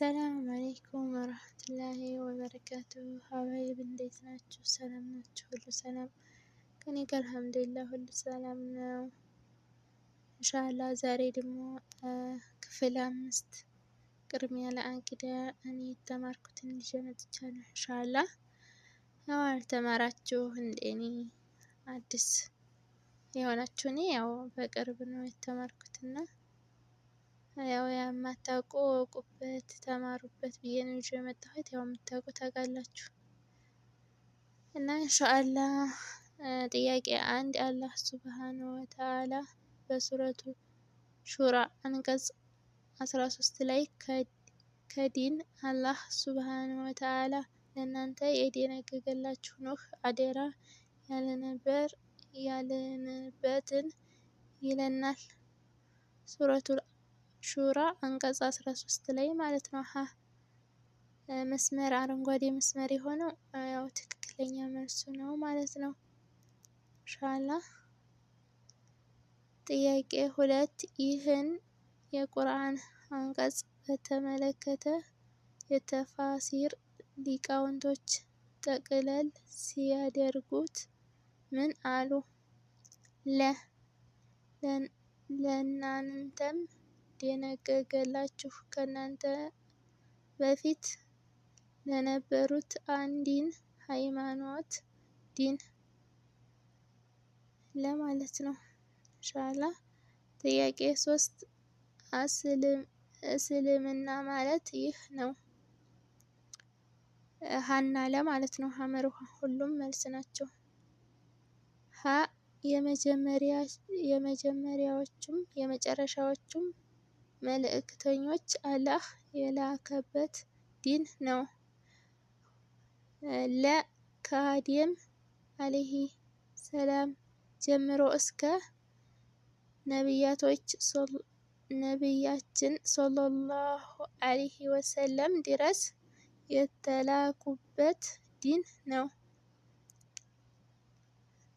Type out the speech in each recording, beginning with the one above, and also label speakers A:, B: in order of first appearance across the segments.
A: ሰላም አለይኩም ወራህመቱላሂ ወበረካቱ ሀባይብ እንዴት ናችሁ? ሰላም ናችሁ? ሁሉ ሰላም ከኔ ጋር አልሐምዱሊላህ ሁሉ ሰላም ነው። እንሻላ ዛሬ ደግሞ ክፍል አምስት ቅድሚያ ለአቂዳ እኔ የተማርኩትን ይዤ መጥቻለሁ። እንሻላ ያው አልተማራችሁ እንደ አዲስ የሆናችሁ እኔ ያው በቅርብ ነው የተማርኩትና ያው የማታውቁ እወቁበት ተማሩበት ብዬ ነው ይዤ የመጣሁት። ያው የምታውቁ ታውቃላችሁ። እና እንሻአላ ጥያቄ አንድ አላህ ሱብሃነ ወተዓላ በሱረቱ ሹራ አንቀጽ 13 ላይ ከዲን አላህ ሱብሃነ ወተዓላ ለእናንተ የደነገገላችሁ ኖህ አደራ ያለነበር ያለንበትን ይለናል። ሱረቱል ሹራ አንቀጽ 13 ላይ ማለት ነው። ሀ መስመር አረንጓዴ መስመር የሆነው ያው ትክክለኛ መልሱ ነው ማለት ነው። ሻላ ጥያቄ ሁለት ይህን የቁርአን አንቀጽ በተመለከተ የተፋሲር ሊቃውንቶች ጠቅለል ሲያደርጉት ምን አሉ? ለ ለእናንተም ደነገገላችሁ ከእናንተ በፊት ለነበሩት አንዲን ሃይማኖት ዲን ለማለት ነው። ሻላ ጥያቄ ሶስት እስልምና ማለት ይህ ነው። ሀና ለማለት ነው። ሀመር ሁሉም መልስ ናቸው። ሀ የመጀመሪያዎቹም የመጨረሻዎቹም መልእክተኞች አላህ የላከበት ዲን ነው። ለከአደም ዓለይሂ ሰላም ጀምሮ እስከ ነቢያቶች ነቢያችን ሶለላሁ ዓለይሂ ወሰለም ድረስ የተላኩበት ዲን ነው።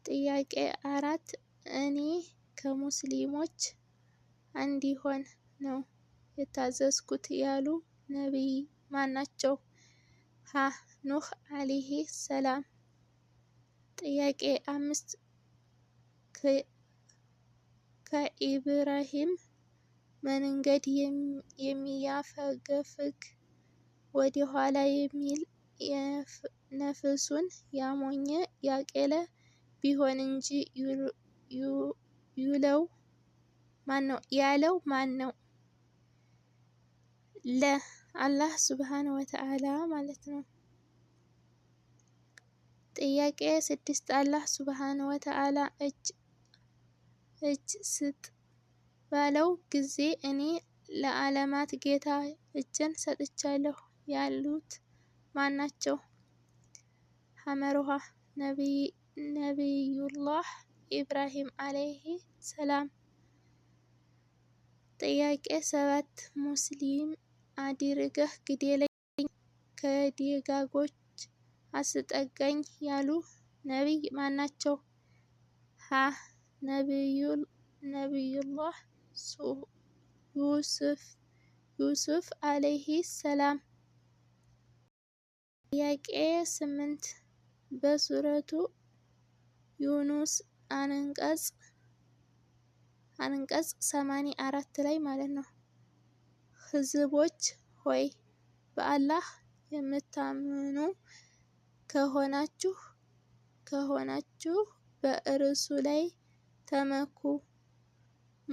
A: ጥያቄ አራት እኔ ከሙስሊሞች እንዲሆን ነው የታዘዝኩት ያሉ ነቢይ ማናቸው? ኑህ ዓለይሂ ሰላም። ጥያቄ አምስት ከኢብራሂም መንገድ የሚያፈገፍግ ወደ ኋላ የሚል ነፍሱን ያሞኘ ያቄለ ቢሆን እንጂ ያለው ማን ነው? ለአላህ ሱብሃነ ወተዓላ ማለት ነው። ጥያቄ ስድስት አላህ ሱብሃነ ወተዓላ እጅ እጅ ስጥ ባለው ጊዜ እኔ ለዓለማት ጌታ እጅን ሰጥቻለሁ ያሉት ማን ናቸው? ሐመሩሃ ነቢዩላህ ኢብራሂም ዓለይሂ ሰላም። ጥያቄ ሰባት ሙስሊም አድርገህ ግደለኝ፣ ከደጋጎች አስጠጋኝ ያሉ ነቢይ ማናቸው? ሀ. ነቢዩላህ ዩሱፍ ዓለይሂ ሰላም። ጥያቄ ስምንት በሱረቱ ዩኑስ አንቀጽ 8 አራት ላይ ማለት ነው ሕዝቦች ሆይ በአላህ የምታምኑ ከሆናችሁ ከሆናችሁ በእርሱ ላይ ተመኩ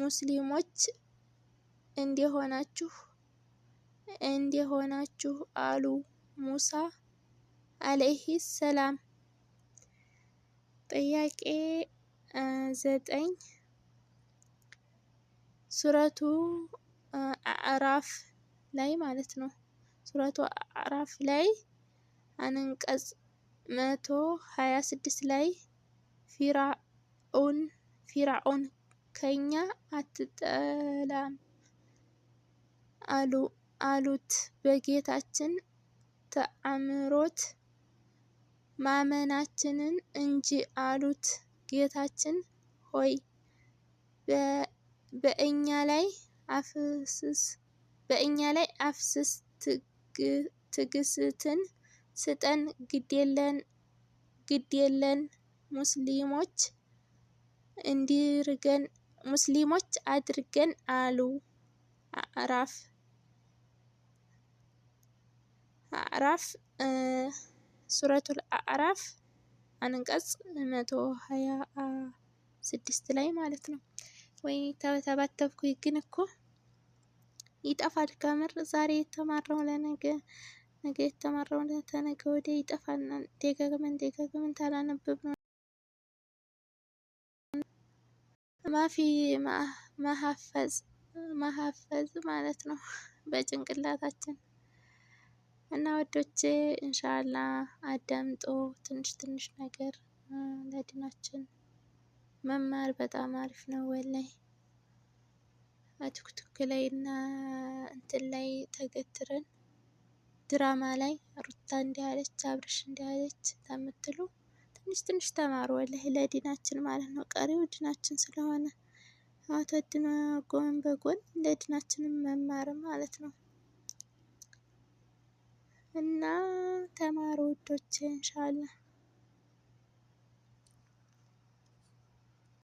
A: ሙስሊሞች እንዲሆናችሁ እንዲሆናችሁ አሉ ሙሳ አለይሂ ሰላም። ጥያቄ ዘጠኝ ሱረቱ አዕራፍ ላይ ማለት ነው። ሱረቱ አዕራፍ ላይ አንቀጽ መቶ ሀያ ስድስት ላይ ፊራኦን ፊራኦን ከኛ አትጠላም አሉ አሉት በጌታችን ተአምሮት ማመናችንን እንጂ አሉት ጌታችን ሆይ በእኛ ላይ አፍስስ በእኛ ላይ አፍስስ ትግስትን ስጠን ግዴለን ሙስሊሞች እንዲርገን ሙስሊሞች አድርገን አሉ። አዕራፍ አዕራፍ ሱረቱል አዕራፍ አንቀጽ መቶ ሀያ ስድስት ላይ ማለት ነው። ወይኔ ተበተበተብኩ። ግን እኮ ይጠፋል ከምር ዛሬ የተማረው ለነገ ነገ የተማረው ለተነገ ወዲያ ይጠፋናል ደጋግመን ደጋግመን ታላነብብ ነው ማፊ መሀፈዝ መሀፈዝ ማለት ነው በጭንቅላታችን እና ወዶቼ እንሻላ አዳምጦ ትንሽ ትንሽ ነገር ለድናችን መማር በጣም አሪፍ ነው ወላሂ። ቲክቶክ ላይ እና እንትን ላይ ተገትረን ድራማ ላይ ሩታ እንዲህ አለች አብርሽ እንዲህ አለች ትንሽ ትንሽ ተማሩ ወላሂ ለዲናችን ማለት ነው። ቀሪው ዲናችን ስለሆነ አተድና ጎን በጎን ለዲናችንን መማር ማለት ነው። እና ተማሩ ውዶች፣ ኢንሻአላህ።